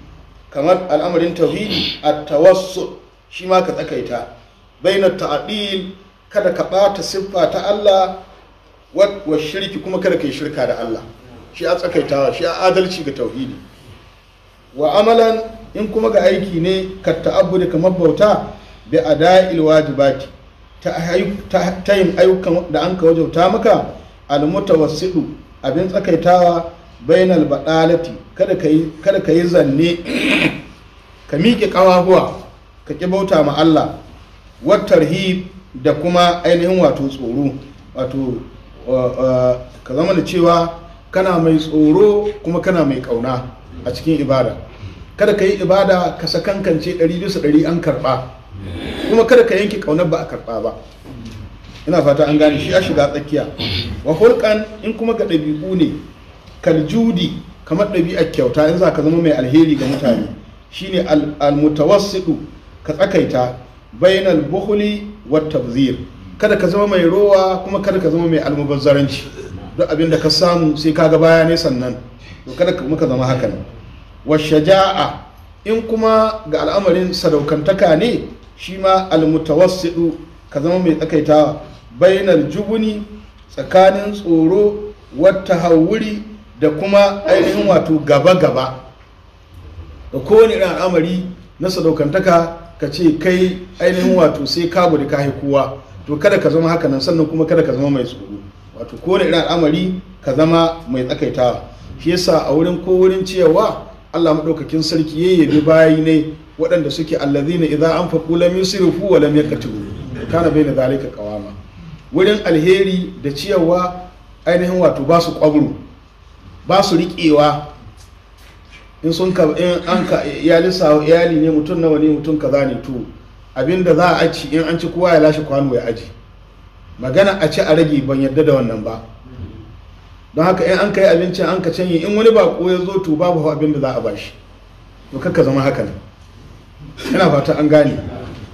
kamar al'amarin tauhidi a tawassu shi ma ka tsakaita bainar ta'adil kada ka ɓata siffa ta Allah wa shirki kuma kada ka yi shirka da Allah shi a tsakaitawa shi a adalci ga tauhidi wa amalan in kuma ga aiki ne ka ta'abbuda kamar bauta bi ada'il wajibati ta yin ayyukan da an ka wajauta maka al-mutawassidu abin tsakaitawa bainal baɗalati kada ka yi zanne ka miƙe ƙawahuwa ka ƙi bauta ma Allah hi da kuma ainihin wato tsoro wato uh, uh, ka zama da cewa kana mai tsoro kuma kana mai ƙauna a cikin ibada kada ka yi ibada ka sakankance ɗari bisa ɗari an karɓa kuma kada ka yanke ƙaunar ba a karɓa ba ina fata an gane shi ya shiga tsakiya wa hulƙan in kuma ga ɗabi'u ne kaljudi kamar ɗabi'ar kyauta in za ka zama mai alheri ga mutane shine almutawassidu ka tsakaita bainal buhuli, wata tabzir kada ka zama mai rowa kuma kada ka zama mai almubazzaranci duk abin da ka samu sai ka ga baya ne sannan to kada ka muka zama hakan wa shaja'a in kuma ga al'amarin sadaukantaka ne shi ma almutawassidu ka zama mai tsakaitawa bainar jubuni tsakanin tsoro wata hawuri da kuma ainihin wato gaba-gaba da kowane irin al'amari na sadaukantaka ka ce kai ainihin wato sai ka gudu ka kowa to kada ka zama haka nan sannan kuma kada ka zama mai tsoro wato kowane irin al'amari ka zama mai tsakaitawa shi yasa a wurin ko wurin ciyawa Allah madaukakin sarki ya bi bayi ne waɗanda suke allazina idan an lam yusrifu wa lam yaqtiru kana baina zalika qawama wurin alheri da ciyawa ainihin wato ba su kwabru. ba su riƙewa in sun ka in an ka iyali sawo iyali ne mutum nawa ne mutum kaza ne to abinda za a ci in an ci kowa ya lashe kwano ya aji magana a ci a rage ban yadda da wannan ba don haka in an kai abincin an ka canye in wani bako ya zo to babu abin da za a bashi to kakka zama haka ne ina fata an gane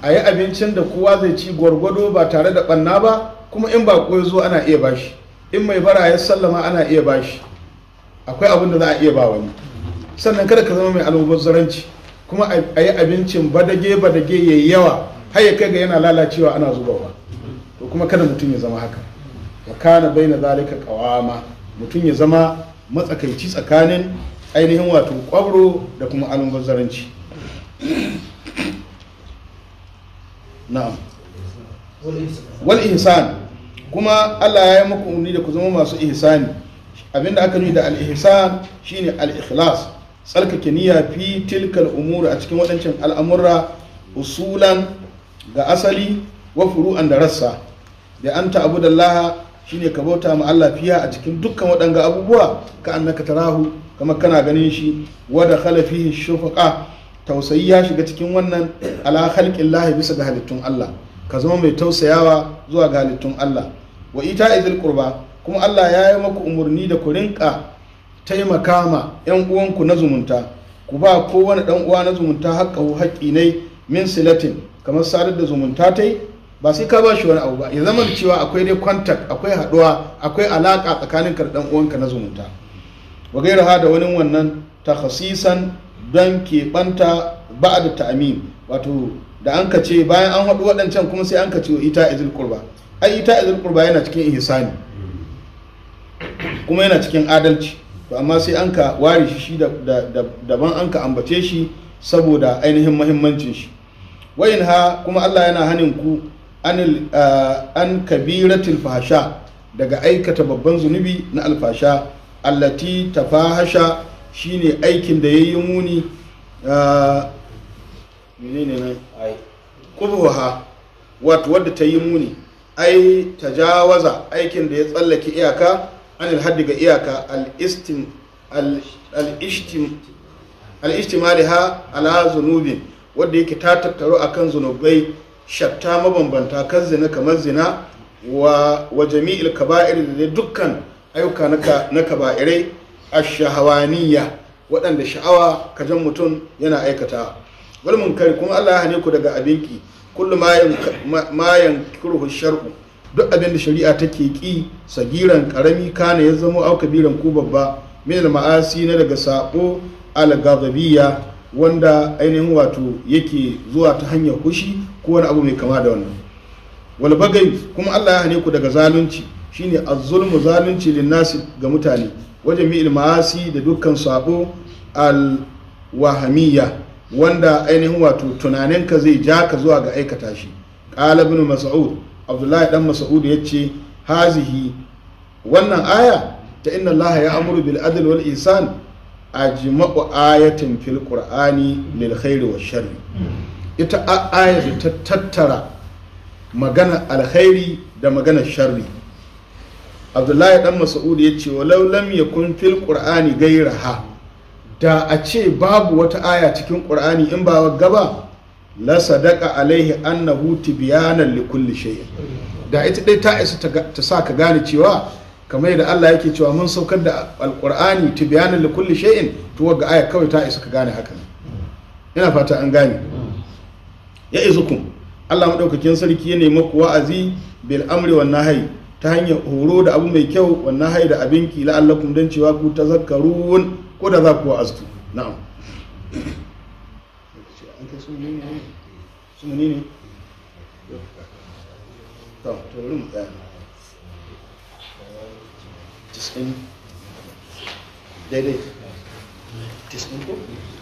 a yi abincin da kowa zai ci gwargwado ba tare da banna ba kuma in bako ya zo ana iya bashi in mai bara ya sallama ana iya bashi akwai abin da za a iya ba wani sannan kada ka zama mai almubazzaranci kuma a yi abincin badage badage ya yi yawa har ya kai ga yana lalacewa ana zubawa to kuma kada mutum ya zama haka wa kana baina zalika kawama, mutum ya zama matsakaici tsakanin ainihin wato kwabro da kuma almubazzaranci na'am wal ihsan kuma Allah ya yi muku umarni da ku zama masu ihsani abinda aka nuna da alihsan shi shine al tsarkake niyya fi tilkal umuri a cikin waɗancan al'amurra usulan ga asali wa furu'an da rassa da an ta'abu da laha shine ka bauta ma Allah fiya a cikin dukkan waɗanga abubuwa ka annaka tarahu kamar kana ganin shi wa da shafaka shufaqa tausayi ya shiga cikin wannan ala khalqin lahi bisa ga halittun Allah ka zama mai tausayawa zuwa ga halittun Allah wa ita izil qurba kuma Allah ya yi maku umarni da ku rinka taimaka ma 'yan uwanku na zumunta ku ba kowane ɗan uwa na zumunta haƙƙahu haƙƙi ne min silatin kamar sadar da zumunta ta ba sai ka ba shi wani abu ba ya zama cewa akwai dai kwantak akwai haɗuwa akwai alaƙa tsakanin ka ɗan uwanka na zumunta wa gaira ha da wani wannan takhasisan don keɓanta ba da ta'amin wato da an ce bayan an haɗu waɗancan kuma sai an ka ce ita izil kurba ai ita izil kurba yana cikin ihsani kuma yana cikin adalci to amma sai an ka ware shi shi daban an ka ambace shi saboda ainihin mahimmancin shi wayin ha kuma Allah yana hanin ku an kabiratil fahasha daga aikata babban zunubi na alfasha allati tafahasha shine aikin da yayi muni menene kubuha wato wadda ta yi muni ai tajawaza aikin da ya tsallake iyaka anil haddi ga iyaka al-ishtimali ha ala wadda yake ta tattaro akan zunubai shatta mabambanta kan zina kamar zina wa, wa jami'il kaba'ir da dukkan ayyuka na kaba'irai a shahawaniya waɗanda sha'awa jan mutum yana aikata wal kari kuma Allah ya hane ku daga abinki kullum ma yankiruhu shar'u duk abin da shari'a take ki sagiran karami kana ya zama au kabiran ko babba min ma'asi na daga sabo al gazabiyya wanda ainihin wato yake zuwa ta hanyar kushi ko wani abu mai kama da wannan wal bagai kuma Allah ya hane ku daga zalunci shine az-zulmu zalunci lin ga mutane wajen mi'il ma'asi da dukkan sabo al-wahamiyya wanda ainihin wato tunaninka zai ja ka zuwa ga aikata shi qala ibn mas'ud abdullahi dan Masa'udu ya ce hazihi wannan aya ta inna allaha ya amuru bil adl wal ihsan ajma'u ayatin fil qur'ani lil khairi wa sharri ita aya ta tattara magana alkhairi da magana sharri abdullahi dan Masa'udu ya ce walau lam yakun fil qur'ani gairaha da a ce babu wata aya cikin qur'ani in ba gaba la sadaka alaihi annahu tibyanan li kulli shay da ita dai ta isa ta sa ka gane cewa kamar yadda Allah yake cewa mun saukar da alqur'ani tibyanan li kulli shay'in to ga aya kawai ta isa ka gane haka ina fata an gane ya izukum Allah madaukakin sarki ya nemi ku wa'azi bil amri wan nahyi ta hanyar horo da abu mai kyau wan nahyi da abin ki la'allakum dan cewa ku tazakkarun ko da za ku wa'aztu na'am sunini sunini to to mu tsaya cikin daidai cikin